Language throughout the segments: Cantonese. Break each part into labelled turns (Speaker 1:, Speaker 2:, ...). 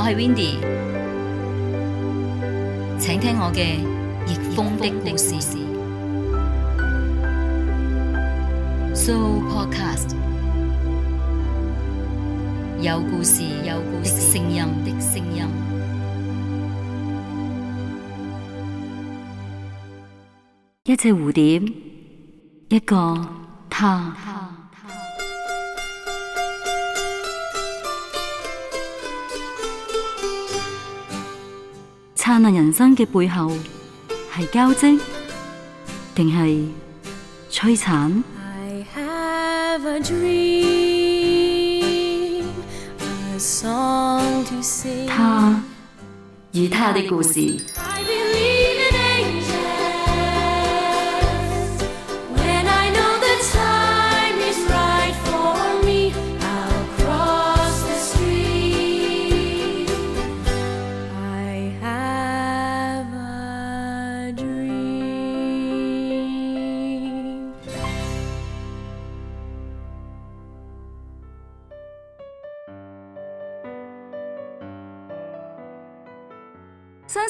Speaker 1: 我係 Windy，請聽我嘅逆風的故事。So podcast 有故事，有故事聲音的聲音，一隻蝴蝶，一個他。燦爛人生嘅背後，係交織，定係摧殘？I have a dream, a song to sing，他與他的故事。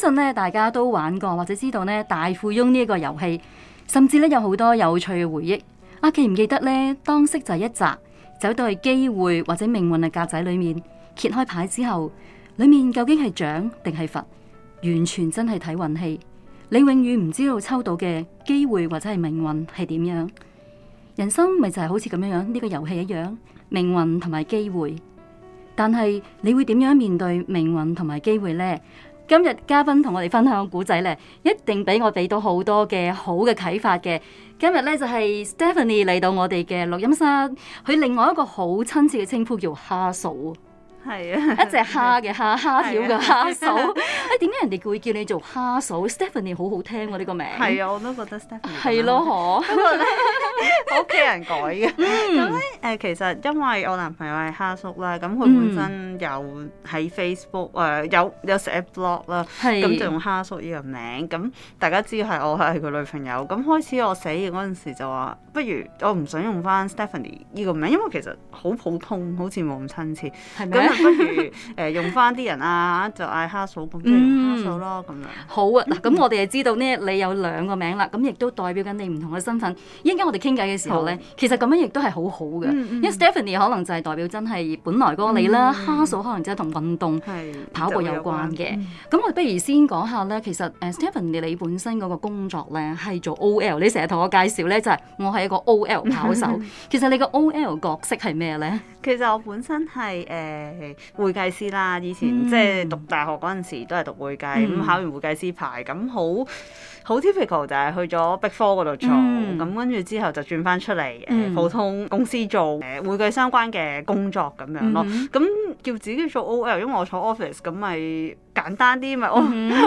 Speaker 1: 相信咧，大家都玩過或者知道咧大富翁呢個遊戲，甚至咧有好多有趣嘅回憶。啊，記唔記得咧？當色就係一集，走到機會或者命運嘅格仔裏面，揭開牌之後，裏面究竟係獎定係罰？完全真係睇運氣。你永遠唔知道抽到嘅機會或者係命運係點樣。人生咪就係好似咁樣樣呢個遊戲一樣，命運同埋機會。但係你會點樣面對命運同埋機會呢？今日嘉賓同我哋分享古仔咧，一定俾我俾到多的好多嘅好嘅啟發嘅。今日咧就係、是、Stephanie 嚟到我哋嘅錄音室，佢另外一個好親切嘅稱呼叫蝦嫂，係啊，一隻蝦嘅蝦，蝦條嘅蝦嫂。誒，點解人哋會叫你做蝦嫂 ？Stephanie 好好聽喎、啊，呢、這個名。係啊，我都覺得 Stephanie 係咯，嗬。 我屋企人
Speaker 2: 改嘅咁咧，誒、嗯呃，其實因
Speaker 1: 為我男朋友係哈
Speaker 2: 叔啦，咁佢本身有喺 Facebook 誒、呃，有有寫 blog 啦，咁，是就用哈叔呢個名，咁大家知係我係佢女朋友。咁開始我寫嘅嗰陣時就話，不如我唔想用翻 Stephanie 呢個名，因為其實好普通，好似冇
Speaker 1: 咁親切。咁啊嗎不如誒、呃、用翻啲人啊，就嗌哈嫂咁樣做咯，咁、嗯、樣。好啊，嗱、嗯，咁我哋就知道呢，你有兩個名啦，咁亦都代表緊你唔同嘅身份。應該我哋。傾偈嘅時候咧，其實咁樣亦都係好好嘅，嗯嗯、因為 Stephanie 可能就係代表真係本來嗰個你啦，哈數、嗯嗯、可能真係同運動、跑步有關嘅。咁、嗯、我哋不如先講下咧，其實誒，Stephanie 你本身嗰個工作咧係做 OL，你成日同我介紹咧就係、是、我係一個 OL 跑手。嗯、其實你個 OL 角色係咩咧？其實我本
Speaker 2: 身係誒、呃、會計師啦，以前、嗯、即係讀大學嗰陣時都係讀會計，咁、嗯、考完會計師牌，咁好。好 typical 就係去咗 Big Four 度做，咁跟住之後就轉翻出嚟普通公司做誒，會計相關嘅工作咁樣咯。咁、mm hmm. 叫自己做 OL，因為我坐 office，咁咪。簡單啲咪 o,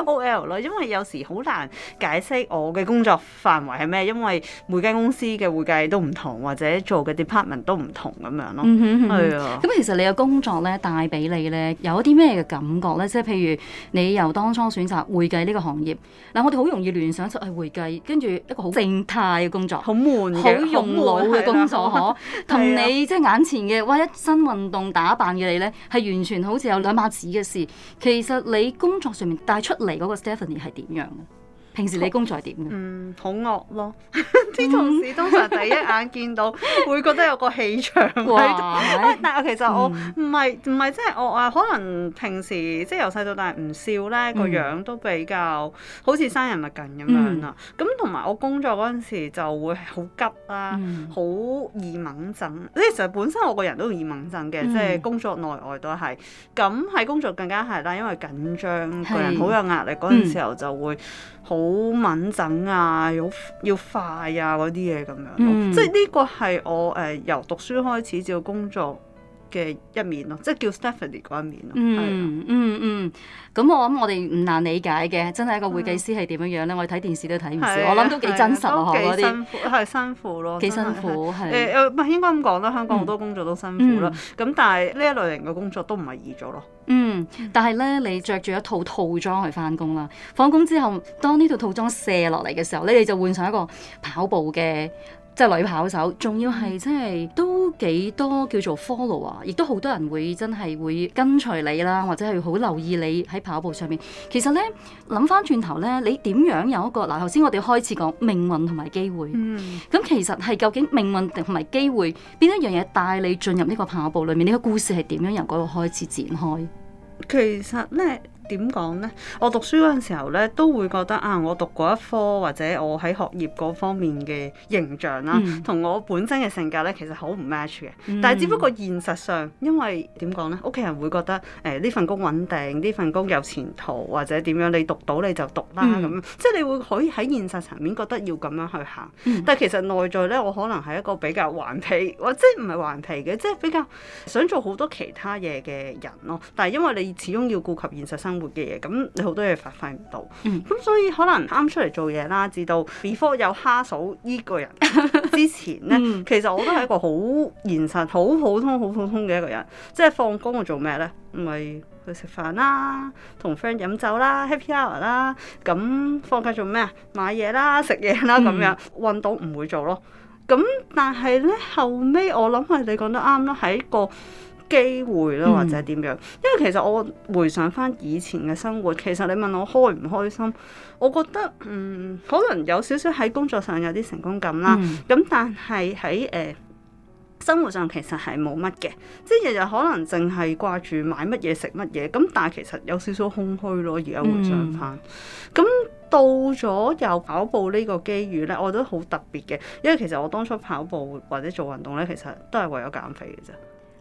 Speaker 2: o O L 咯，因為有時好難解釋我嘅工作範圍係咩，因為每間公司嘅會計都唔同，或者做嘅 department 都唔同咁樣咯。係、mm hmm. 啊，咁其
Speaker 1: 實你嘅工作咧帶俾你咧有一啲咩嘅感覺咧？即係譬如你由當初選擇會計呢個行業，嗱我哋好容易聯想出去會計，跟住一個好靜態嘅工作，好悶好用腦嘅工作嗬，同、啊嗯嗯嗯、你即係、啊、眼前嘅，哇、哎、一身運動打扮嘅你咧，係完全好似有兩碼事嘅事。其實你。你工作上面帶出嚟嗰個 Stephanie 係點樣？平時你工作係點？嗯，好惡咯！
Speaker 2: 啲同事通常第一眼見到會覺得有個氣場。但係其實我唔係唔係即係我啊，可能平時即係由細到大唔笑咧，個樣都比較好似生人勿近咁樣啦。咁同埋我工作嗰陣時就會好急啦，好易矇憎。呢其實本身我個人都易矇憎嘅，即係工作內外都係。咁喺工作更加係啦，因為緊張，個人好有壓力嗰陣時候就會好，好敏整啊，好要快啊，嗰啲嘢咁樣咯，嗯、即係呢個係我誒、呃、由讀書開始至到工作。嘅一面咯，即係叫 Stephanie 嗰一面咯。嗯
Speaker 1: 嗯嗯，咁我諗我哋唔難理解嘅，真係一個會計師係點樣樣咧？我哋睇電視都睇唔少，我諗都幾真實咯。幾辛苦，係辛
Speaker 2: 苦咯。幾辛苦係誒誒，應該咁講啦。香港好多工作都辛苦啦。咁但係呢一類型嘅工作都唔係易做咯。嗯，
Speaker 1: 但係咧，你着住一套套裝去翻工啦。放工之後，當呢套套裝卸落嚟嘅時候，你哋就換上一個跑步嘅。即係女跑手，仲要係真係都幾多叫做 follow 啊、er,，亦都好多人會真係會跟隨你啦，或者係好留意你喺跑步上面。其實呢，諗翻轉頭呢，你點樣有一個嗱？頭先我哋開始講命運同埋機會，咁、嗯、其實係究竟命運同埋機會邊一樣嘢帶你進入呢個跑步裏面？呢個故事係點樣由嗰度開始展開？其實呢。點講呢？我讀書
Speaker 2: 嗰陣時候呢，都會覺得啊，我讀嗰一科或者我喺學業嗰方面嘅形象啦、啊，同、嗯、我本身嘅性格呢，其實好唔 match 嘅。嗯、但係只不過現實上，因為點講呢？屋企人會覺得誒呢、呃、份工穩定，呢份工有前途，或者點樣你讀到你就讀啦咁、嗯。即係你會可以喺現實層面覺得要咁樣去行。嗯、但係其實內在呢，我可能係一個比較頑皮，或即係唔係頑皮嘅，即係比較想做好多其他嘢嘅人咯。但係因為你始終要顧及現實生活。活嘅嘢，咁你好多嘢發揮唔到，咁、嗯嗯、所以可能啱出嚟做嘢啦，至到 before 有哈嫂依、這個人之前呢，嗯、其實我都係一個好現實、好普通、好普通嘅一個人。即係放工我做咩呢？唔、pues、係去食飯啦，同 friend 飲酒啦，happy hour 啦。咁、嗯、放假做咩？買嘢啦，食嘢啦，咁樣運動唔會做咯。咁但係呢，後尾我諗係你講得啱啦，係一個。機會咯，或者點樣？嗯、因為其實我回想翻以前嘅生活，其實你問我開唔開心，我覺得嗯，可能有少少喺工作上有啲成功感啦。咁、嗯嗯、但係喺誒生活上其實係冇乜嘅，即係日日可能淨係掛住買乜嘢食乜嘢。咁但係其實有少少空虛咯。而家回想翻，咁、嗯、到咗有跑步呢個機遇呢，我覺得好特別嘅。因為其實我當初跑步或者做運動呢，其實都係為咗減肥嘅啫。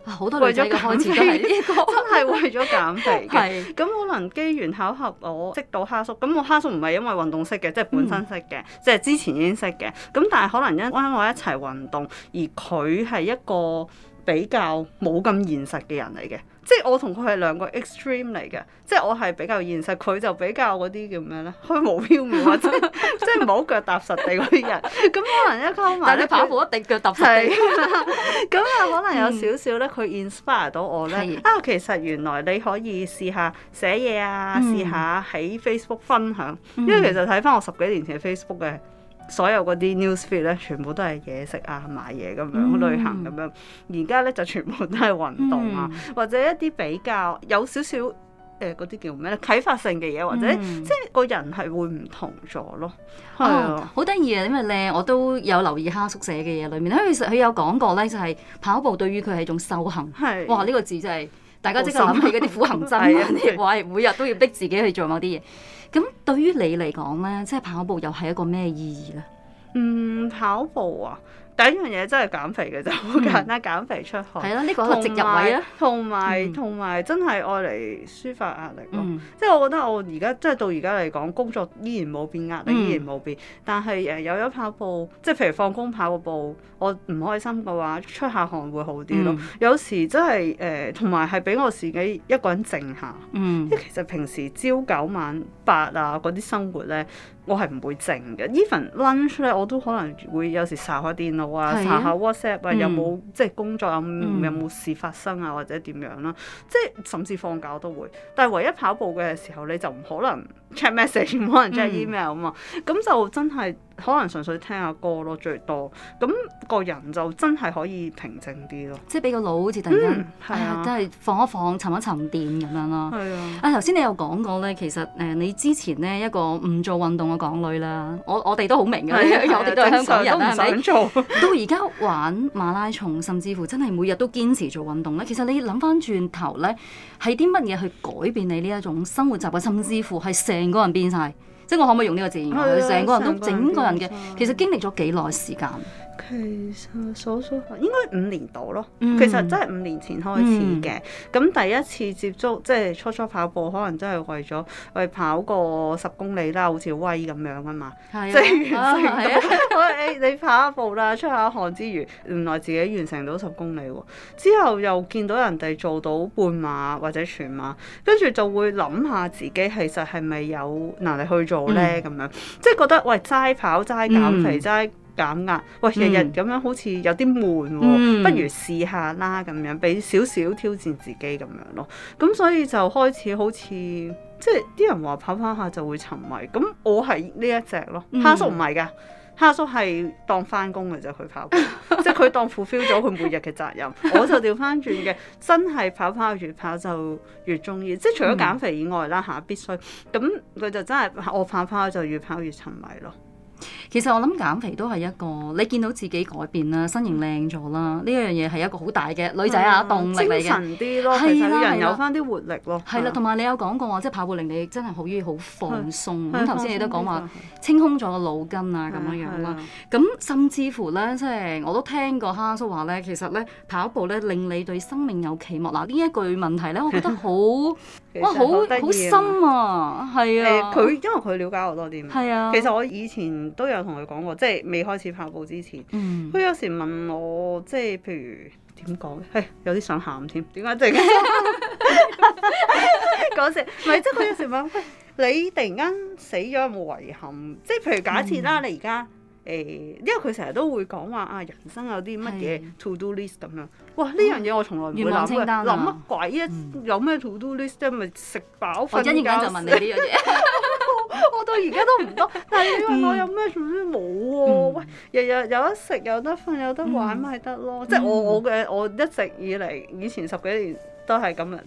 Speaker 1: 好多、呢個、為咗減肥， 真係為咗減
Speaker 2: 肥嘅。咁 是可能機緣巧合我識到哈叔，咁我哈叔唔係因為運動識嘅，即係本身識嘅，嗯、即係之前已經識嘅。咁但係可能因因為我一齊運動，而佢係一個比較冇咁現實嘅人嚟嘅，即係我同佢係兩個 extreme 嚟嘅，即係我係比較現實，佢就比較嗰啲叫咩咧，虛無縹緲或者即唔好腳踏實地嗰啲人。
Speaker 1: 咁可能一溝埋，你跑步一定腳踏實地。咁 啊、 嗯，可能有少
Speaker 2: 少咧，佢 inspire 到我咧。啊，其實原來你可以試下寫嘢啊，試下喺 Facebook 分享，因為其實睇翻我十幾年前 Facebook 嘅。所有嗰啲 news feed 咧，全部都係嘢食啊、買嘢咁樣、嗯、旅行咁樣，而家咧就全部都係運動啊，嗯、或者一啲比較有少少誒嗰啲叫咩咧？啟發性嘅嘢，或者、嗯、即
Speaker 1: 係個人係會唔同咗咯。
Speaker 2: 係啊，
Speaker 1: 好得意啊！因為咧，我都有留意哈叔寫嘅嘢裏面，咧，佢佢有講過咧，就係、是、跑步對於佢係一種修行。係，哇！呢、這個字真係。大家即刻諗起嗰啲苦行僧啊，啲話 是、啊、 每日都要逼自己去做某啲嘢。咁對於你嚟講咧，即係跑步又係一個咩意義咧？
Speaker 2: 嗯，跑步啊～第一樣嘢真係減肥嘅就好簡單，mm. 減肥出汗。係咯的，呢個係植入位啊。同埋同埋真係愛嚟抒發壓力咯。即係、mm. 我覺得我而家即係到而家嚟講，工作依然冇變，壓力依然冇變。Mm. 但係誒、呃、有咗跑步，即係譬如放工跑個步，我唔開心嘅話，出下汗會好啲咯。Mm. 有時真係誒，同埋係俾我自己一個人靜下。即係、mm. 其實平時朝九晚八啊嗰啲生活咧，我係唔會靜嘅。Even lunch 咧，我都可能有會有時曬開啲咯。啊！查下 WhatsApp 啊，嗯、有冇即係工作有、嗯、有冇事發生啊，或者點樣啦、啊？即、就、係、是、甚至放假都會。但係唯一跑步嘅時候你就唔可能。check，message 冇人 check email 啊嘛，咁就真係可能純粹聽下歌咯，最多，咁個人就真係可以平靜啲咯，
Speaker 1: 即係俾個腦好似突然間，係啊，真係放一放、沉一沉澱咁樣咯。係啊，啊頭先你有講過咧，其實誒你之前呢一個唔做運動嘅港女啦，我我哋都好明嘅，我哋香港人都唔想做，到而家玩馬拉松，甚至乎真係每日都堅持做運動咧。其實你諗翻轉頭咧，係啲乜嘢去改變你呢一種生活習慣，甚至乎係成個人變晒，即係我可唔可以用呢個字形容？成個人都整個人嘅，其實經歷咗幾耐時間。
Speaker 2: 其實數數下應該五年度咯，嗯、其實真
Speaker 1: 係五年前開始嘅。
Speaker 2: 咁、嗯嗯、第一次接觸即係初初跑步，可能真係為咗為跑個十公里啦，好似威咁樣啊嘛，即係、哎、喲 完成到。你跑一步啦，出下汗之餘，原來自己完成到十公里喎、哦。之後又見到人哋做到半馬或者全馬，跟住就會諗下自己其實係咪有能力去做呢？咁樣、嗯嗯、即係覺得喂齋跑齋減肥齋。減壓，喂，日日咁樣好似有啲悶喎，嗯、不如試下啦咁樣，俾少少挑戰自己咁樣咯。咁所以就開始好似，即係啲人話跑跑下就會沉迷，咁我係呢一隻咯。哈叔唔係㗎，嗯、哈叔係當翻工嘅就去跑步， 即係佢當 fulfill 咗佢每日嘅責任。 我就調翻轉嘅，真係跑跑越跑就越中意，即係除咗減肥以外啦，下、嗯啊、必須。咁佢就
Speaker 1: 真係我跑，跑跑就越跑越沉迷咯。 其實我諗減肥都係一個，你見到自己改變啦，身形靚咗啦，呢一樣嘢係一個好大嘅女仔啊動力嚟嘅，精神啲咯，係啦，有翻啲活力咯。係啦，同埋你有講過話，即係跑步令你真係好於好放鬆。咁頭先你都講話清空咗個腦筋啊，咁樣樣啦。咁甚至乎咧，即係我都聽過哈叔話咧，其實咧跑步咧令你對生命有期望。嗱，呢一句問題咧，我覺得好哇，好好深啊，係啊。誒，佢
Speaker 2: 因為佢了解我多啲。係啊，其實我以前都有。我同佢講過，即係未開始跑步之前，佢有時問我，即係譬如點講？係有啲想喊添，點解？即係講笑，唔係即係佢有時問你，突然間死咗有冇遺憾？即係譬如假設啦，你而家誒，因為佢成日都會講話啊，人生有啲乜嘢 to do list 咁樣。哇！呢樣嘢我從來唔會諗嘅，諗乜鬼啊？有咩 to do list 即係咪食飽瞓覺？我就問你呢樣嘢。到而家都唔多， 但係你話我有咩、啊，做咩冇喎。喂，日日有得食，有得瞓，有得玩咪得咯。嗯、即係我我嘅，嗯、我一直以嚟以前十幾年都係咁樣。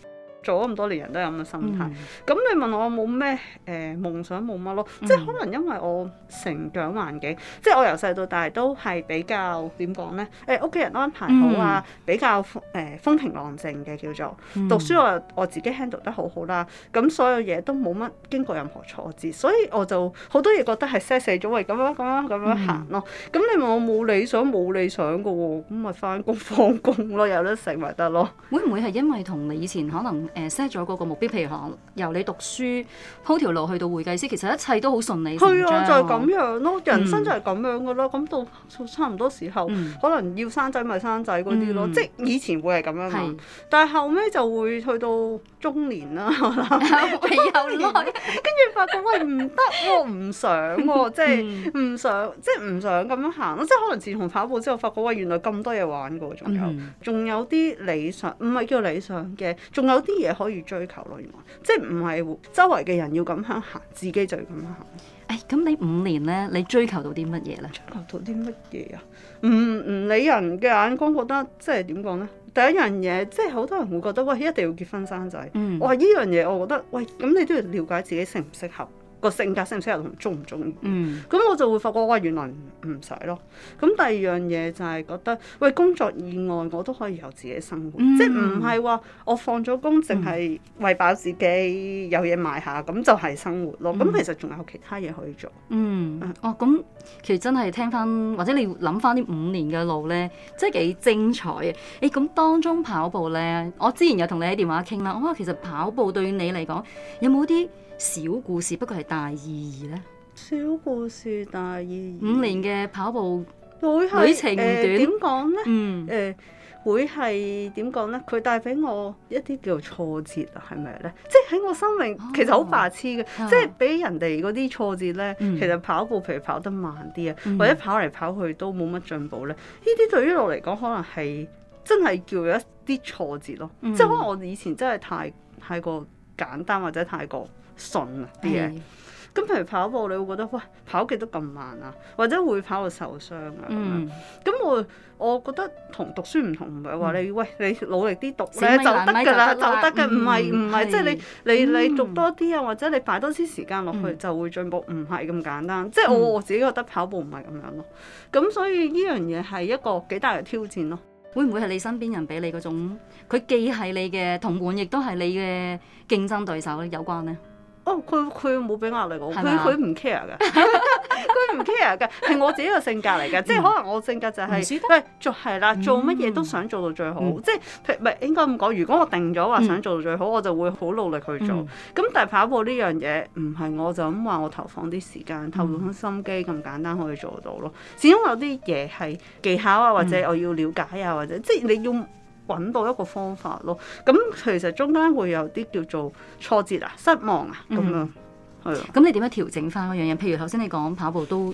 Speaker 2: 做咗咁多年人都有咁嘅心態，咁你問我冇咩，誒，夢想冇乜咯？即係可能因為我成長環境，即係我由細到大都係比較點講咧？誒，屋企人安排好啊，比較誒，風平浪靜嘅叫做讀書，我我自己 handle 得好好啦。咁所有嘢都冇乜經過任何挫折，所以我就好多嘢覺得係 set 死咗，係咁樣咁樣咁樣行咯。咁你問我冇理
Speaker 1: 想，冇理想㗎喎，咁咪翻工放工咯，有得食咪得咯。會唔會係因為同你以前可能？誒 set 咗嗰個目標，譬如講由你讀書鋪條路去到會計師，其實一切都好順利。係啊，就係、是、咁樣
Speaker 2: 咯，人生就係咁樣噶啦。咁、um, 到差唔多時候，um, 可能要生仔咪生仔嗰啲咯。Um, 即係以前會係咁樣是但係後尾就會去到中年啦。我諗未有耐？跟住發覺喂唔得喎，唔 想喎、就是 um, 即係唔想，即係唔想咁樣行咯。即係可能自從跑步之後，發覺喂原來咁多嘢玩噶，仲有仲有啲、um, 理想，唔、嗯、係叫理想嘅，仲有啲。嘢可以追求咯，原來即係唔係周圍嘅人要咁樣行，自己就要咁樣行。誒、哎，咁你五
Speaker 1: 年咧，你追求到啲乜嘢咧？追求到啲乜嘢啊？
Speaker 2: 唔唔理人嘅眼光，覺得即係點講咧？第一樣嘢，即係好多人會覺得喂，一定要結婚生仔。我哇、嗯，呢樣嘢我覺得喂，咁你都要了解自己適唔適合？個性格適唔適合同中唔中意，咁、嗯、我就會發覺哇，原來唔使咯。咁第二樣嘢就係覺得，喂，工作以外我都可以有自己生活，嗯、即係唔係話我放咗工淨係、嗯、餵飽自己，有嘢賣下，咁就係生活咯。咁、嗯、其實
Speaker 1: 仲有其他嘢可以做。嗯，哦，咁、嗯哦、其實真係聽翻，或者你諗翻啲五年嘅路咧，真係幾精彩啊！誒、哎，咁當中跑步咧，我之前有同你喺電話傾啦，哇、哦，其實跑步對你嚟講有冇啲小故事？不過係大意義咧，小故事大意義。五年嘅跑步旅程短，點
Speaker 2: 講咧？嗯，誒，會係點講咧？佢帶俾我一啲叫挫折啊，係咪咧？即係喺我生命其實好白痴嘅，即係俾人哋嗰啲挫折咧，其實跑步譬如跑得慢啲啊，或者跑嚟跑去都冇乜進步咧，呢啲對於我嚟講，可能係真係叫一啲挫折咯。即係可能我以前真係太太過簡單或者太過順啊啲嘢。咁譬如跑步，你會覺得喂跑極都咁慢啊，或者會跑到受傷啊。咁我我覺得同讀書唔同，唔係話你喂你努力啲讀咧就得噶啦，就得嘅，唔係唔係即係你你你讀多啲啊，或者你擺多啲時間落去就會進步，唔係咁簡單。即係我我自己覺得跑步唔係咁樣咯。咁所以呢
Speaker 1: 樣嘢係一個幾大嘅挑戰咯。會唔會係你身邊人俾你嗰種佢既係你嘅同伴，亦都係你嘅競爭對手有關呢？哦，佢佢冇俾壓
Speaker 2: 力我，佢佢唔 care 噶，佢唔 care 噶，係我自己嘅性格嚟嘅。即係可能我性格就係，喂做係啦，做乜嘢都想做到最好，即係譬唔係應該咁講？如果我定咗話想做到最好，我就會好努力去做。咁但係跑步呢樣嘢唔係我就咁話，我投放啲時間、投放心機咁簡單可以做到咯。始終有啲嘢係技巧啊，或者我要了解啊，或者即係你要。揾到一個方法咯，咁
Speaker 1: 其實中間會有啲叫做挫折啊、失望啊咁樣，係、mm。咁、hmm. 的你點樣調整翻嗰樣嘢？譬如頭先你講跑步都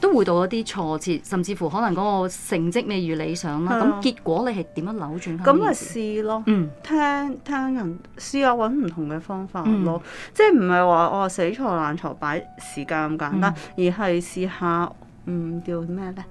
Speaker 1: 都會到一啲挫折，甚至乎可能嗰個成績未如理想啦。咁 Yeah. 結果你係點樣扭轉？咁咪試
Speaker 2: 咯，嗯，聽聽人試下揾唔同嘅方法咯，嗯、即係唔係話我死錯爛錯擺時間咁簡單，嗯、而係試下嗯叫咩咧？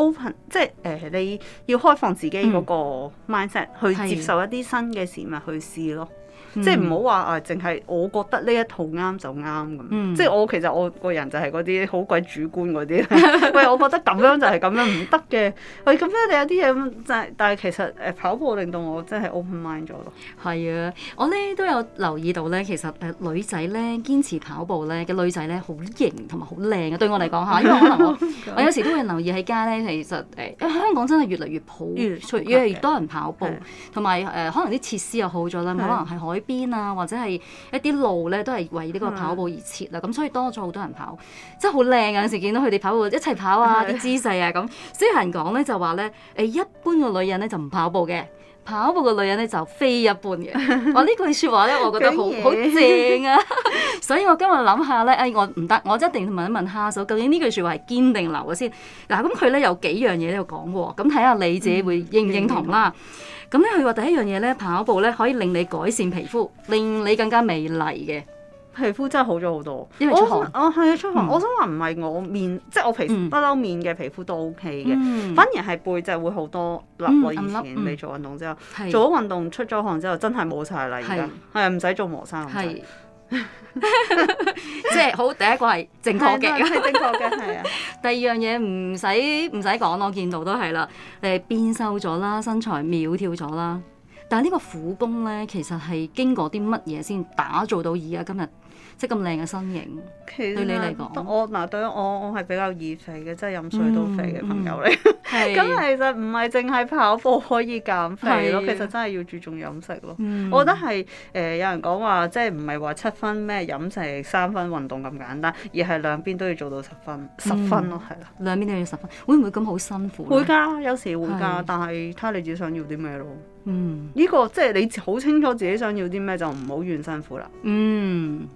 Speaker 2: open 即係誒、呃，你要開放自己嗰個 mindset、嗯、去接受一啲新嘅事物去試咯。即係唔好話啊，淨係我覺得呢一套啱就啱咁。嗯、即係我其實我個人就係嗰啲好鬼主觀嗰啲， 喂，我覺得咁樣就係咁樣唔
Speaker 1: 得嘅。喂，咁樣你有啲嘢咁，但係其實誒、呃、跑步令到我真係 open mind 咗咯。係啊，我咧都有留意到咧，其實誒女仔咧堅持跑步咧嘅女仔咧好型同埋好靚嘅。對我嚟講嚇，因為可能我， 我有時都會留意喺家咧，其實誒、呃，香港真係越嚟越好，越嚟越多人跑步，同埋誒可能啲設施又好咗啦，的可能係可。邊啊，或者係一啲路咧，都係為呢個跑步而設啦。咁、嗯、所以多咗好多人跑，真係好靚啊！有時見到佢哋跑步一齊跑啊，啲、嗯、姿勢啊咁。所以有人講咧就話咧，誒，一般嘅女人咧就唔跑步嘅，跑步嘅女人咧就非一般嘅。我呢句說話咧，我覺得好、 嗯、好正啊！ 所以我今日諗下咧，誒，我唔得，我一定問一問哈手，究竟呢句說話係堅定流嘅先。嗱、啊，咁佢咧有幾樣嘢喺度講喎，咁睇下你自己會認唔認同啦。嗯嗯咁咧佢話第一樣嘢咧，跑步咧可以令你改善皮膚，令你更加美麗嘅。皮膚真係好咗好多，因為出汗。啊
Speaker 2: 係啊，出汗。我想話唔係我面，即係我皮，不嬲面嘅皮膚都 OK 嘅，反而係背脊會好多粒喎。以前未做運動之後，做咗運動出咗汗之後，真係冇晒啦。而家係啊，唔使做磨砂。
Speaker 1: 即係好，第一個係正確嘅，係 正確嘅，係啊。 第二樣嘢唔使唔使講，我見到都係啦。誒，變瘦咗啦，身材苗條咗啦。但係呢個苦工咧，其實係經過啲乜嘢，先打造到而家今日？即咁靚嘅身形，其
Speaker 2: 實對你嚟講，我嗱對我我係比較易肥嘅，即係飲水都肥嘅朋友嚟。咁、嗯嗯、 其實唔係淨係跑步可以減肥咯，是其實真係要注重飲食咯。嗯、我覺得係誒、呃，有人講話即係唔係話七分咩飲食，三分運動咁簡單，而係兩邊都要做到十分，十、嗯、分咯係
Speaker 1: 啦。兩邊、啊、都要十分，會唔會咁好辛苦？會噶，
Speaker 2: 有時會噶，但係睇下你自己想要啲咩咯。
Speaker 1: 嗯，呢、這個即係你好清楚自己想要啲咩，就唔好怨辛苦啦。嗯，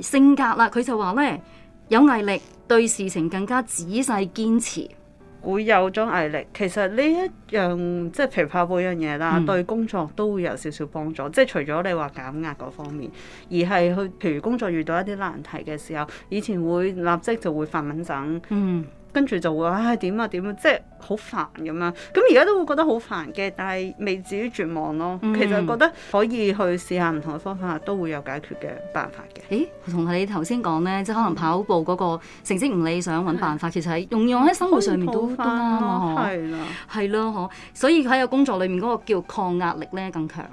Speaker 1: 性格啦，佢就話咧有毅力，對事情更加仔細堅持，會有種
Speaker 2: 毅力。其實呢一樣即係譬如跑步一樣嘢啦，嗯、對工作都會有少少幫助。即係除咗你話減壓嗰方面，而係去譬如工作遇到一啲難題嘅時候，以前會立即就會發悶憎。嗯。跟住就會唉點、哎、啊點啊，即係好煩咁樣。咁而家都會覺得好煩嘅，但係未至於絕望咯。嗯、其實覺得
Speaker 1: 可以去試下唔同嘅方法，都會有解決嘅辦法嘅。誒、嗯，同你頭先講呢，即係可能跑步嗰個成績唔理想，揾是辦法，其實係應用喺生活上面都多係啦，係咯的，所以喺個工作裏面嗰個叫抗壓力咧更強。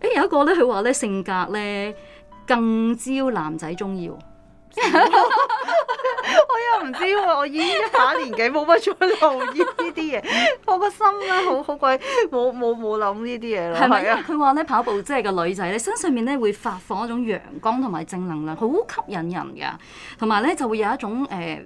Speaker 1: 誒、欸、有一個咧，佢話咧性格咧更招男仔鍾意。 我又唔知喎，我依一把年紀冇乜再留意呢啲
Speaker 2: 嘢，我個心咧好好鬼冇冇冇諗呢啲嘢咯。係咪吧啊？
Speaker 1: 佢話咧跑步即係個女仔咧身上面咧會發放一種陽光同埋正能量，好吸引人㗎，同埋咧就會有一種誒、呃、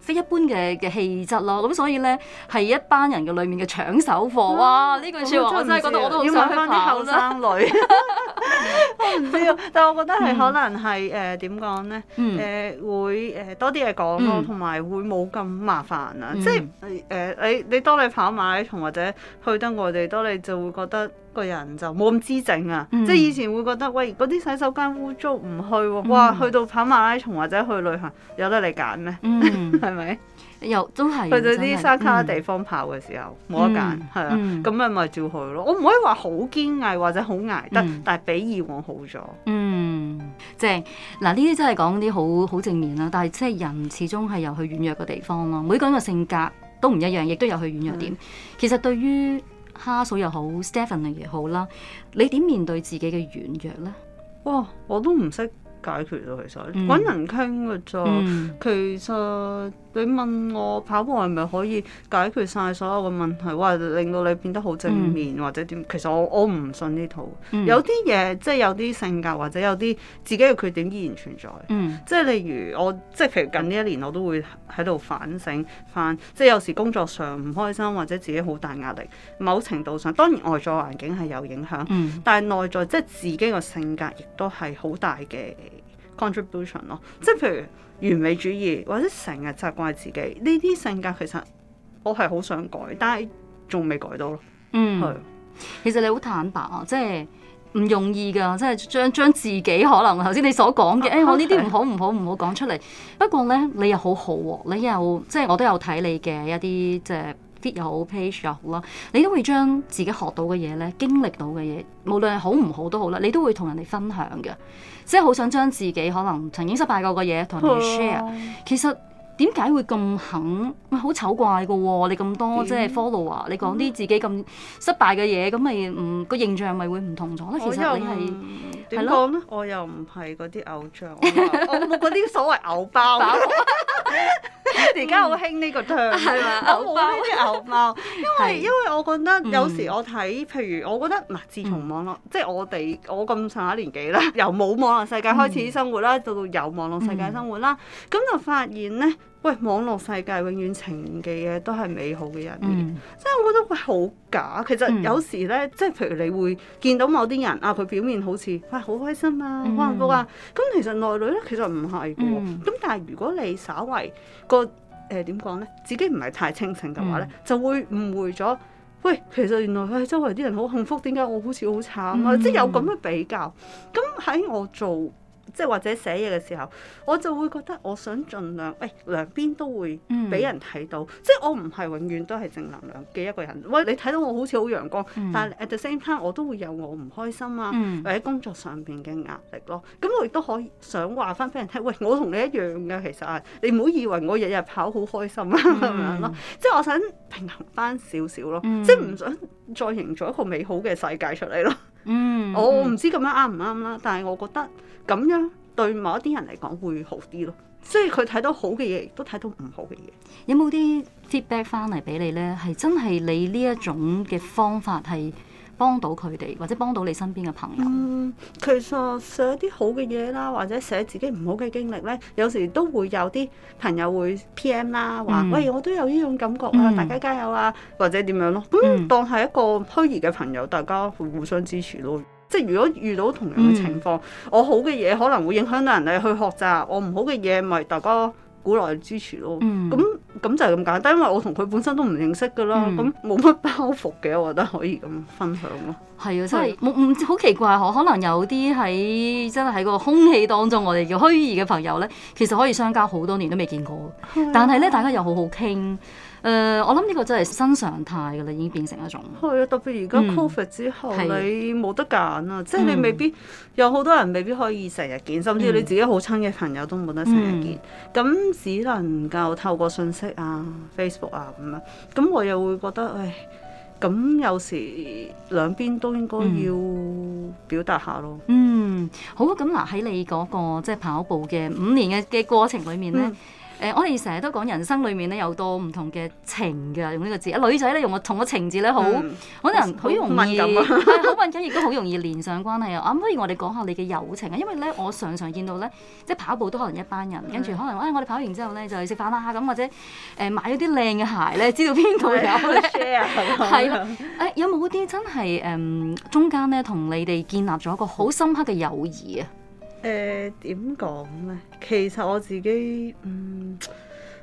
Speaker 1: 非一般嘅嘅氣質咯。咁、啊、所以咧係一班人嘅裡面嘅搶手貨，啊。哇、嗯！呢句説話我真係覺得我都想跑啦。啲後生女， 我唔知啊，但係我覺得係可能係誒點講咧？嗯嗯嗯
Speaker 2: 會誒多啲嘢講咯，同埋會冇咁麻煩啊！即係誒，你你當你跑馬拉松或者去得外地，當你就會覺得個人就冇咁姿整啊！即係以前會覺得喂，嗰啲洗手間污糟唔去喎，哇！去到跑馬拉松或者去旅行，有得你揀咩？係咪又真係去到啲山卡地方跑嘅時候冇得揀，係啊！咁咪咪照去咯。我唔可以話好堅毅或者好捱得，但係比以往好咗。
Speaker 1: 即係嗱，呢啲真係講啲好好正面啦。但係即係人始終係有佢軟弱嘅地方咯。每個人嘅性格都唔一樣，亦都有佢軟弱點。嗯、其實對於哈嫂又好，Stephen 嚟又好啦，你點面對自己嘅軟弱呢？哇！我都唔識。解決
Speaker 2: 咯，其實揾、嗯、人傾嘅咋。嗯、其實你問我跑步係咪可以解決晒所有嘅問題，或者令到你變得好正面，嗯、或者點？其實我我唔信呢套。嗯、有啲嘢即係有啲性格或者有啲自己嘅缺點依然存在。嗯、即係例如我即係譬如近呢一年我都會喺度反省翻。即係有時工作上唔開心或者自己好大壓力，某程度上當然外在環境係有影響，嗯、但係內在即係自己嘅性格亦都係好大嘅 contribution 咯，Cont ribution, 即係譬如完美主義或者成日責怪自己呢啲性格，其實我係好想改，但係仲未改到咯。
Speaker 1: 嗯，係是。其實你好坦白啊，即係唔容易㗎，即係將將自己可能頭先你所講嘅，誒、啊哎、我呢啲唔好唔 Okay. 好唔好講出嚟。不過咧，你又好好、啊、喎，你又即係我都有睇你嘅一啲即係。啲又好，page 又好咯，你都會將自己學到嘅嘢咧，經歷到嘅嘢，無論係好唔好都好啦，你都會同人哋分享嘅，即係好想將自己可能曾經失敗過嘅嘢同人哋 share，oh，其實。點解會咁肯？好醜怪噶喎！你咁多即係 follow 啊！你講啲自己咁失敗嘅嘢，咁咪唔個形象咪會唔同咗？其實你係
Speaker 2: 點講咧？我又唔係嗰啲偶像，我冇嗰啲所謂偶包。而家好興呢個 trend，我冇咩偶包。
Speaker 1: 因為因為
Speaker 2: 我覺得有時我睇，譬如我覺得嗱，自從網絡即係我哋我咁上下年紀啦，由冇網絡世界開始生活啦，到有網絡世界生活啦，咁就發現咧。喂，網絡世界永遠呈現嘅都係美好嘅一面，即係、嗯、我覺得佢好假。其實有時咧，即係譬如你會見到某啲人、嗯、啊，佢表面好似喂好開心啊，好、嗯、幸福啊。咁，其實內裏咧其實唔係嘅。咁、嗯、但係如果你稍微個誒點講咧，自己唔係太清醒嘅話咧，嗯、就會誤會咗。喂，其實原來佢、哎、周圍啲人好幸福，點解我好似好慘啊？即係有咁嘅比較。咁喺我做。即係或者寫嘢嘅時候，我就會覺得我想盡量，喂兩邊都會俾人睇到。嗯、即係我唔係永遠都係正能量嘅一個人。喂，你睇到我好似好陽光，嗯、但係 at the same time 我都會有我唔開心啊，嗯、或者工作上邊嘅壓力咯。咁我亦都可以想話翻俾人聽，喂，我同你一樣嘅，其實啊，你唔好以為我日日跑好開心啊咁樣咯。即係、嗯、 我想平衡翻少少咯，即係唔想再營造一個美好嘅世界出嚟咯。嗯，我唔知咁樣啱唔啱啦，但係我覺得咁樣對某一啲人嚟講會好啲咯，即係佢睇到好嘅嘢，亦都睇到唔好嘅嘢。
Speaker 1: 有冇啲 feedback 翻嚟俾你咧？係真係你呢一種嘅方法係？幫到佢哋，或者幫到你身邊嘅朋友。嗯，
Speaker 2: 其實寫啲好嘅嘢啦，或者寫自己唔好嘅經歷咧，有時都會有啲朋友會 PM 啦，話：嗯、喂，我都有呢種感覺啊，嗯、大家加油啊，或者點樣咯。咁、嗯、當係一個虛擬嘅朋友，大家會互相支持咯。即係如果遇到同樣嘅情況，嗯、我好嘅嘢可能會影響到人哋去學習，我唔好嘅嘢咪大家。古來支持咯，咁咁、嗯、就係咁簡單。但因為我同佢本身都唔認識㗎啦，咁
Speaker 1: 冇乜包袱嘅，我覺得可以咁分享咯。係啊，真係唔好奇怪，可能有啲喺真係喺個空氣當中，我哋叫虛擬嘅朋友咧，其實可以相交好多年都未見過，啊、但係咧大家又好好傾。誒，uh, 我諗呢個真係新常態㗎啦，已經變成一種。
Speaker 2: 係啊，特別而家 COVID
Speaker 1: 之後，嗯、你冇得揀啊，的即係你未必、
Speaker 2: 嗯、有好多人未必可以成日見，甚至你自己好親嘅朋友都冇得成日見，咁、嗯、只能夠透過信息啊、Facebook 啊咁樣。咁我又會覺得，誒，咁有時兩邊都應該要表達
Speaker 1: 下咯。嗯，好，啊，咁嗱喺你嗰、嗰個即係、即係、跑步嘅五年嘅嘅過程裡面咧。嗯誒、呃，我哋成日都講人生裏面咧有多唔同嘅情㗎，用呢個字。女仔咧用個同個情字咧，好可能好容易好敏感、啊、敏感，亦 都好容易連上關係啊。不如我哋講下你嘅友情啊，因為咧我常常見到咧，即係跑步都可能一班人，的跟住可能、哎、我哋跑完之後咧就去食飯啦，咁或者誒、呃、買咗啲靚嘅鞋咧，知道邊度有咧。
Speaker 2: 係
Speaker 1: 有冇啲真係誒、嗯、 中間咧同你哋建立咗一個好深刻嘅友誼啊？誒，點講咧？其實我自己，
Speaker 2: 嗯，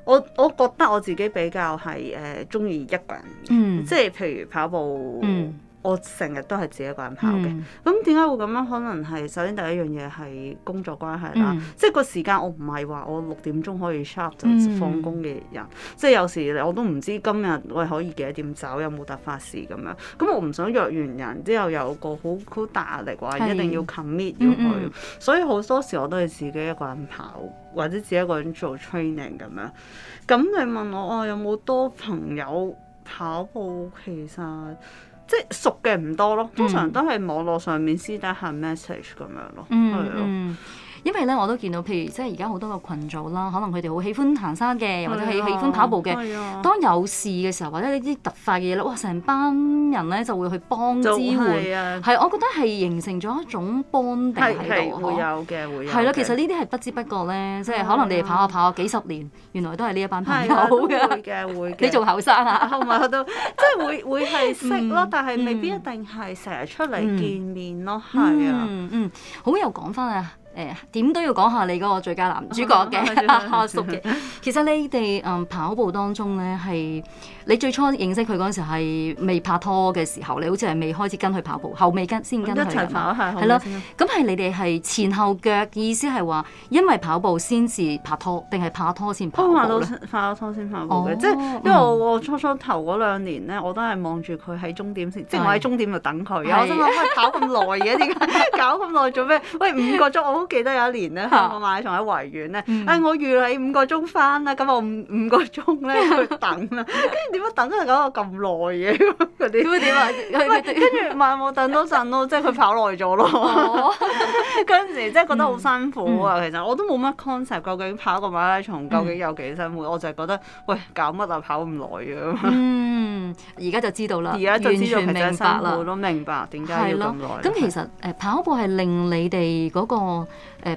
Speaker 2: 我我覺得我自己比較係誒中意一個人嘅，嗯、即係譬如跑步。嗯我成日都係自己一個人跑嘅，咁點解會咁樣？可能係首先第一樣嘢係工作關係啦，嗯、即係個時間我唔係話我六點鐘可以 sharp 就放工嘅人，嗯、即係有時我都唔知今日我可以幾多點走，有冇突發事咁樣。咁我唔想約完人之後有個好好大壓力話一定要 commit 要去，嗯嗯所以好多時我都係自己一個人跑，或者自己一個人做 training 咁樣。咁你問我、啊、有冇多朋友跑步，其實～即係熟嘅唔多咯，通常都係網絡上面私底下
Speaker 1: message 咁樣咯，係啊、嗯。因為咧，我都見到，譬如即係而家好多個群組啦，可能佢哋好喜歡行山嘅，或者係喜歡跑步嘅。當有事嘅時候，或者呢啲突發嘅嘢咧，哇！成班人咧就會去幫支援。係我覺得係形成咗一種幫地喺度。會有
Speaker 2: 嘅，會有嘅。係咯，其實呢
Speaker 1: 啲係不知不覺咧，即係可能你哋跑下跑啊幾十年，原來都係呢一班朋友嘅。
Speaker 2: 會嘅你
Speaker 1: 仲後生啊，同埋都即係會會係識咯，但係未必一定係成日出嚟見面咯。係啊，嗯，好有講翻啊！誒點、呃、都要講下你嗰個最佳男主角嘅，阿叔嘅。其實你哋誒跑步當中咧係。你最初認識佢嗰陣時係未拍拖嘅時候，你好似係未開始跟佢跑步，後尾跟先跟一齊跑係咯。咁係你哋係前後腳，意思係話因為跑步先至拍拖，定係拍拖先跑步咧？我話到
Speaker 2: 拍拖先跑步嘅，即係因為我初初頭嗰兩年咧，我都係望住佢喺終點先，即係我喺終點度等佢。我諗，喂，跑咁耐嘅，點解搞咁耐做咩？喂，五個鐘，我好記得有一年咧，我埋喺喺維園咧，我預你五個鐘翻啦，咁我五五個鐘咧去等啦，點解等佢搞到咁耐嘅？佢點會點啊？唔係跟住咪我等多陣咯，即係佢跑耐咗咯。嗰陣時真係覺得好辛苦啊！其實我都冇乜 concept，究竟跑個馬拉松究竟有幾辛苦？我就係覺得喂，搞乜啊？跑咁耐嘅
Speaker 1: 咁。嗯，而家就知道啦，完全明白啦，都明白點解要咁耐。咁其實誒跑步係令你哋嗰個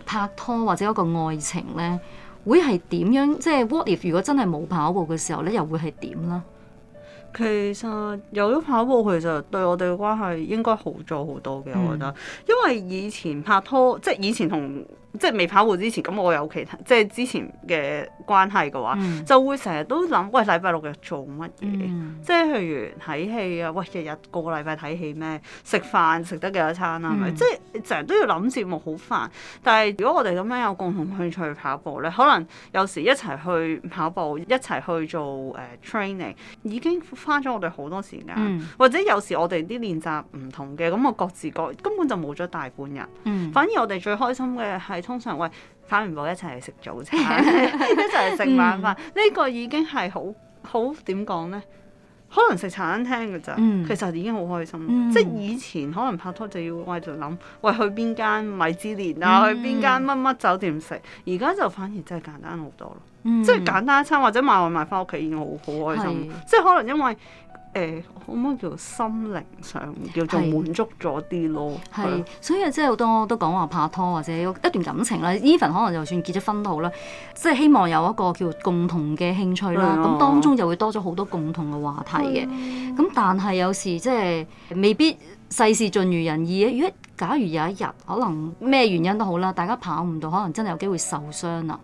Speaker 1: 拍拖或者嗰個愛情咧。會係點樣？即係，what if 如果真係冇跑步嘅時候咧，又會係點啦？
Speaker 2: 其實有咗跑步，其實對我哋嘅關係應該好咗好多嘅。嗯、我覺得，因為以前拍拖，即係以前同。即係未跑步之前，咁我有其他即係之前嘅關係嘅話，嗯、就會成日都諗：喂，禮拜六日做乜嘢？嗯、即係譬如睇戲啊，喂，日日個禮拜睇戲咩？食飯食得幾多餐啊？咪、嗯、即係成日都要諗節目，好煩。但係如果我哋咁樣有共同興趣去跑步咧，可能有時一齊去跑步，一齊去做誒、uh, training，已經花咗我哋好多時間，嗯、或者有時我哋啲練習唔同嘅，咁我各自各根本就冇咗大半日。嗯、反而我哋最開心嘅係。通常喂，翻完步一齊去食早餐， 一齊去食晚飯，呢、嗯、個已經係好好點講咧？可能食茶餐廳嘅咋，嗯、其實已經好開心。嗯、即係以前可能拍拖就要我喺度諗，喂，去邊間米芝蓮啊，去邊間乜乜酒店食。而家、嗯、就反而真係簡單好多咯，嗯、即係簡單一餐或者買外賣翻屋企已經好好開心。即係的可能因為。誒、
Speaker 1: 欸、可唔可以叫做心靈上叫做滿足咗啲咯？係是，是所以即係好多都講話拍拖或者一段感情啦。Even 可能就算結咗婚都好啦，即係希望有一個叫共同嘅興趣啦。咁的當中就會多咗好多共同嘅話題嘅。咁的但係有時即係未必世事盡如人意。如果假如有一日可能咩原因都好啦，大家跑唔到，可能真係有機會受傷啦。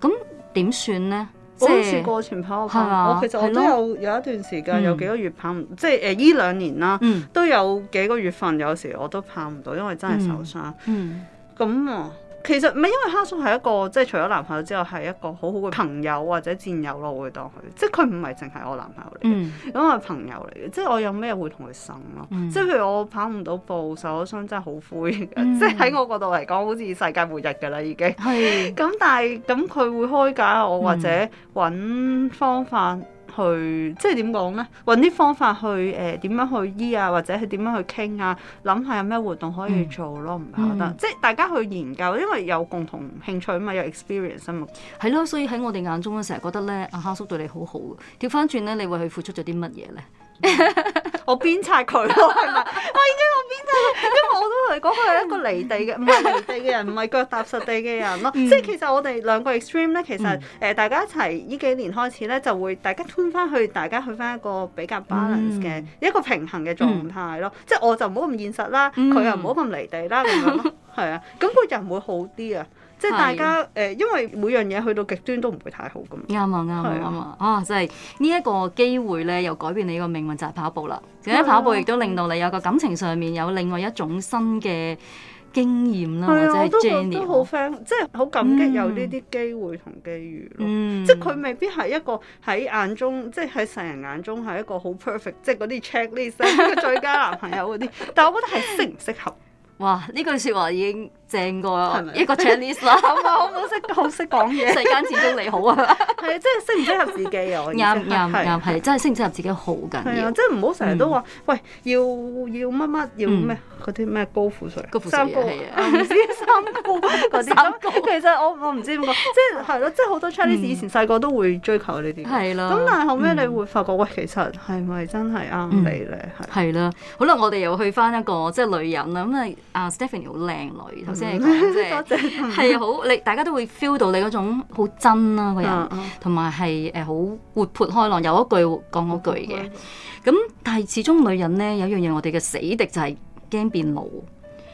Speaker 1: 咁點算呢？就是、我好似過前跑過吧我其實我都有有
Speaker 2: 一段時間咯有幾個月跑唔，嗯、即係誒呢兩年啦、啊，嗯、都有幾個月份有時我都跑唔到，因為真係受傷。嗯、咁、嗯、啊。其實唔係，因為哈蘇係一個即係除咗男朋友之外係一個好好嘅朋友或者戰友咯，我會當佢，即係佢唔係淨係我男朋友嚟嘅，咁係、嗯、朋友嚟嘅，即係我有咩會同佢生咯、啊，嗯、即係譬如我跑唔到步，受咗傷真係好灰嘅，嗯、即係喺我角度嚟講好似世界末日㗎啦已經，咁是、嗯、但係咁佢會開解我或者揾方法。去即係點講咧？搵啲方法去誒點、呃、樣去醫啊，或者係點樣去傾啊，諗下有咩活動可以做咯。唔、嗯、覺
Speaker 1: 得、嗯、即係大家去研究，因為有共同興趣啊嘛，有 experience 啊嘛，係咯。所以喺我哋眼中咧，成日覺得咧阿哈叔對你好好嘅。調翻轉咧，你為佢付出咗啲乜嘢咧？
Speaker 2: 我鞭策佢咯，係咪？ 我
Speaker 1: 已經我鞭策，佢。因為我都同佢講佢係一個
Speaker 2: 離地嘅，唔係離地嘅人，唔係腳踏實地嘅人咯。嗯、即係其實我哋兩個 extreme 咧，其實誒、呃、大家一齊呢幾年開始咧，就會大家 turn 翻去，大家去翻一個比較 balance 嘅、嗯、一個平衡嘅狀態咯。嗯、即係我就唔好咁現實啦，佢又唔好咁離地啦，咁、嗯、樣咯，係啊，咁、那、佢、個、人唔會好啲啊。即係大家誒，的因為每樣嘢去到極端都
Speaker 1: 唔會太好咁。啱的的啊，啱啊，啱啊！啊，即係呢一個機會咧，又改變你個命運就係、是、跑步啦。而且的跑步亦都令到你有個感情上面有另外一種新嘅經驗啦，的或者係經驗
Speaker 2: 好 friend，即係好感激有呢啲機會同機遇咯。
Speaker 1: 嗯、即係佢
Speaker 2: 未必係一個喺眼中，即係喺世人眼中係一個好 perfect，
Speaker 1: 即係嗰啲 checklist 最佳男朋友嗰啲。 但係我覺得係適唔適合？哇！呢句說話已經。正個一個 Chinese 男啊，好好，識好識講嘢。世間始終你好啊。係啊，真係適唔適合自己啊？啱啱啱係，真係適唔適合自己好緊要。即
Speaker 2: 係唔好成日都話，喂，要要乜乜要咩嗰啲咩高富帥。高富帥啊，唔知三高富啲。其實我我唔知點講，即係係咯，即係好多 Chinese 以前細個都會追求呢啲。係咯。咁但係後尾你會
Speaker 1: 發覺，喂，其實係咪真係啱你咧？係。係啦，好啦，我哋又去翻一個即係女人啊。咁啊，啊 Stephanie 好靚女。即係，即係係好你，大家都會 feel 到你嗰種好真啦、啊、個人，同埋係誒好活潑開朗，有一句講嗰句嘅。咁、啊、但係始終女人咧有樣嘢，我哋嘅死敵就係驚變老，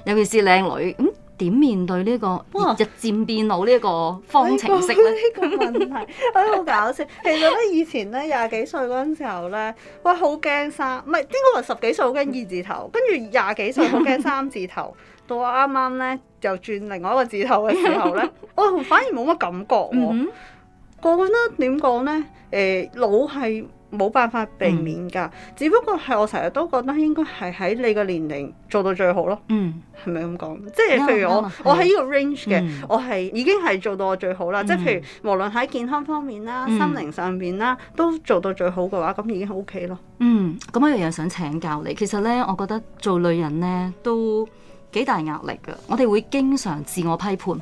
Speaker 1: 尤其是靚女。咁、嗯、點面對呢個日漸變老呢個方程式咧？呢、
Speaker 2: 哎、個,個,個問題，哎好搞笑！ 其實咧，以前咧廿幾歲嗰陣時候咧，哇好驚三，唔係應該話十幾歲好驚二字頭，跟住廿幾歲好驚三字頭，到啊啱啱咧。 又轉另外一個字頭嘅時候咧， 我反而冇乜感覺喎、啊。Mm hmm. 我覺得點講咧？誒、欸，老係冇辦法避免㗎，mm hmm. 只不過係我成日都覺得應該係喺你嘅年齡做到最好咯。嗯、mm，係咪咁講？即係譬如我，yeah, yeah, yeah, yeah, yeah. 我喺呢個 range 嘅，mm hmm. 我係已經係做到我最好啦。Mm hmm. 即係譬如，無論喺健康方面啦、心靈
Speaker 1: 上面啦，都做到最好嘅話，咁已經 OK 咯。嗯、mm，咁、hmm. 我又有想請，請教你，其實咧，我覺得做女人咧都～幾大壓力㗎，我哋會經常自我批判。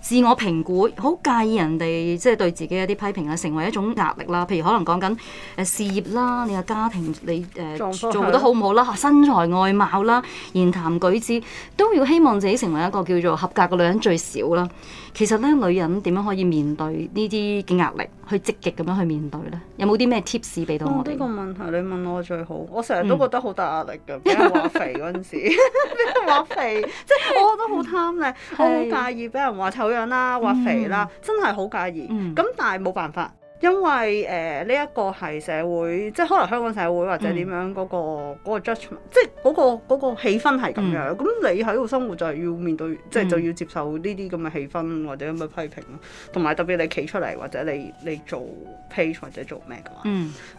Speaker 1: 自我評估，好介意人哋即係對自己一啲批評啊，成為一種壓力啦。譬如可能講緊誒事業啦，你嘅家庭你誒做得好唔好啦，身材外貌啦，言談舉止都要希望自己成為一個叫做合格嘅女人最少啦。其實咧，女人點樣可以面對呢啲嘅壓力，去積極咁樣去面對咧？有冇啲咩 tips 俾到我？呢個問題你問我最好，我
Speaker 2: 成日都覺得好大壓力㗎，俾人話肥嗰陣時，咩都話肥，即係我都好貪靚，好介意俾人話咁樣啦，或肥啦，嗯、真係好介意。咁、嗯、但係冇辦法，因為誒呢一個係社會，即係可能香港社會或者點樣嗰、嗰個嗰、嗯、個 judgment 即係嗰、嗰個嗰、嗰個氣氛係咁樣。咁、嗯、你喺度生活就係要面對，即係、嗯、就，就要接受呢啲咁嘅氣氛或者咁嘅批評，同埋特別你企出嚟或者你你做 page 或者做咩嘅話，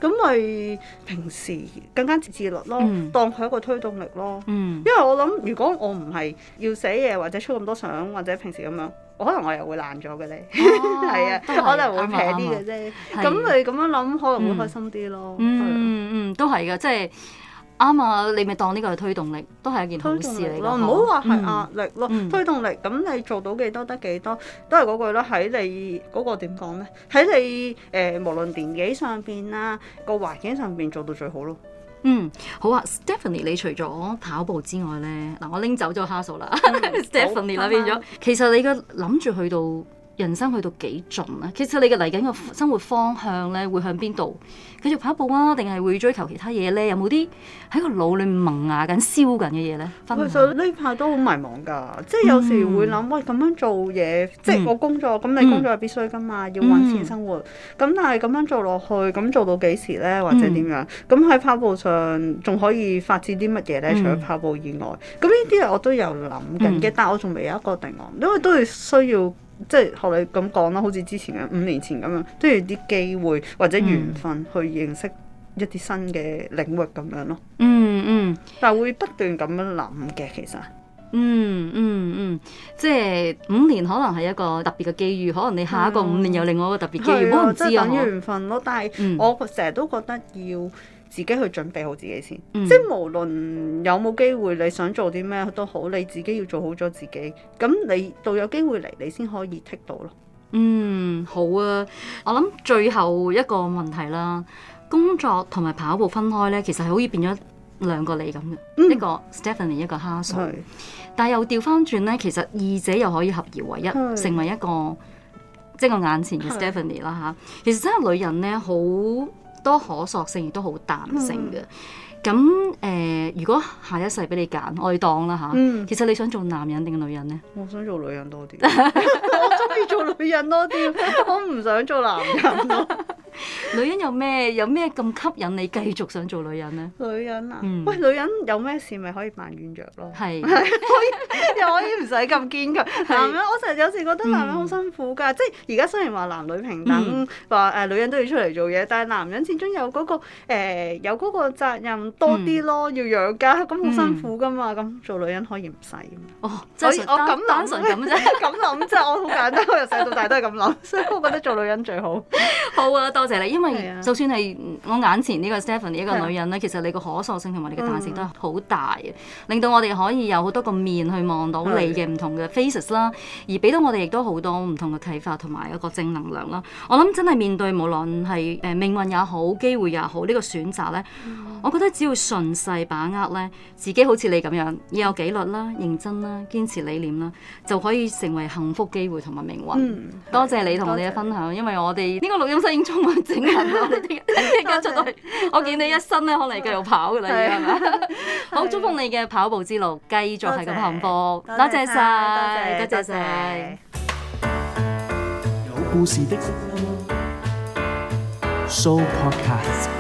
Speaker 2: 咁咪、嗯、平時更加自律咯，嗯、當佢一個推動力咯。嗯，因為我諗如果我唔係要寫嘢或者出咁多相或者平時咁樣。可能我又會爛咗嘅你，係啊， 的是可能會平啲嘅啫。咁、啊啊、你咁
Speaker 1: 樣諗、嗯、可能會開心啲咯。嗯的嗯，嗯都係㗎，即係啱啊！你咪當呢個係推動力，都係一件好事嚟咯。唔好話係壓
Speaker 2: 力咯，嗯、推動力。咁你做到幾多、嗯、得幾多，都係嗰句咯。喺你嗰、嗰個點講咧？
Speaker 1: 喺你誒、呃，無論年紀上邊啦，個環境上邊做到最好咯。嗯，好啊，Stephanie，你除咗跑步之外咧，嗱，我拎走咗哈索啦，Stephanie 啦，變咗，其實你嘅諗住去到人生去到幾盡啊？其實你嘅嚟緊嘅生活方向咧，會向邊度？繼續跑步啊，定係會追求其他嘢咧？有冇啲喺個腦裏萌芽緊、燒緊嘅嘢咧？其實呢排都好迷茫㗎，嗯、即係有時會諗，
Speaker 2: 喂咁樣做嘢，嗯、即係我工作，咁你工作係必須㗎嘛，嗯、要搵錢生活。咁、嗯、但係咁樣做落去，咁做到幾時咧？或者點樣？咁喺、嗯、跑步上仲可以發展啲乜嘢咧？除咗跑步以外，咁呢啲我都有諗緊嘅，但我仲未有一個定案，因為都需要需要。即係學你咁講啦，好似之前嘅五年前咁樣，即係啲機會或者緣分去認識一啲新嘅領域咁樣咯、嗯。
Speaker 1: 嗯嗯，
Speaker 2: 但係會不斷咁樣諗嘅，其實。嗯嗯
Speaker 1: 嗯，即係五年可能係一個特別嘅機遇，可能你下一個五年有另外一個特別機遇，我唔、嗯、知啊。緣、
Speaker 2: 啊、分咯，嗯、但係我成日都覺得要。自己去準備好自己先，嗯、即係無論有冇機會，你想做啲咩都好，你自己要做好咗自己，咁你到有機會嚟，你先可以 take 到咯。嗯，
Speaker 1: 好啊，我諗最後一個問題啦，工作同埋跑步分開咧，其實係好似變咗兩個你咁嘅，嗯、一個 Stephanie 一個哈水是，但係又調翻轉咧，其實二者又可以合而為一，是成為一個即係、就是、我眼前嘅 Stephanie 啦嚇是、啊。其實真係女人咧好。多可塑性亦都好彈性嘅，咁誒、嗯呃，如果下一世俾你揀，我當啦嚇，其實你想做男人定女人呢？我想做女人多啲， 我中意做女人多啲， 我唔想做男人咯。 女人有咩有咩咁吸引你繼續想做女人咧？
Speaker 2: 女人啊，喂，
Speaker 1: 女人有咩事咪可以扮軟弱咯，係可
Speaker 2: 以又可以唔使咁堅強。男人，我成日有時覺得男人好辛苦噶，即係而家雖然話男女平等，話誒女人都要出嚟做嘢，但係男人始終有嗰個誒有嗰個責任多啲咯，要養家，咁好辛苦噶嘛，咁做女人可以唔使。哦，我咁諗，純咁啫，即係我好簡單，我由細到大都係咁諗，所以我
Speaker 1: 覺得做女人最好。好啊。多謝你，因為就算係是、啊、我眼前呢個 Stephanie 一個女人咧，是啊、其實你個可塑性同埋你嘅彈性都係好大嘅，嗯、令到我哋可以有好多個面去望到你嘅唔同嘅 faces 啦，而俾到我哋亦都好多唔同嘅啟發同埋一個正能量啦。我諗真係面對無論係誒命運也好，機會也好，呢、呢個選擇咧，嗯、我覺得只要順勢把握咧，自己好似你咁樣，要有紀律啦、認真啦、堅持理念啦，就可以成為幸福機會同埋命運。嗯、多謝你同我哋嘅分享，是啊、因為我哋呢個錄音室英中 整人咯！你啲 謝，你依家出到去，我見你一身咧，可能繼續跑㗎啦，係咪？ 好祝福你嘅跑步之路，繼續係咁幸福。多謝晒！多謝，多謝晒。有故事的 Show Podcast。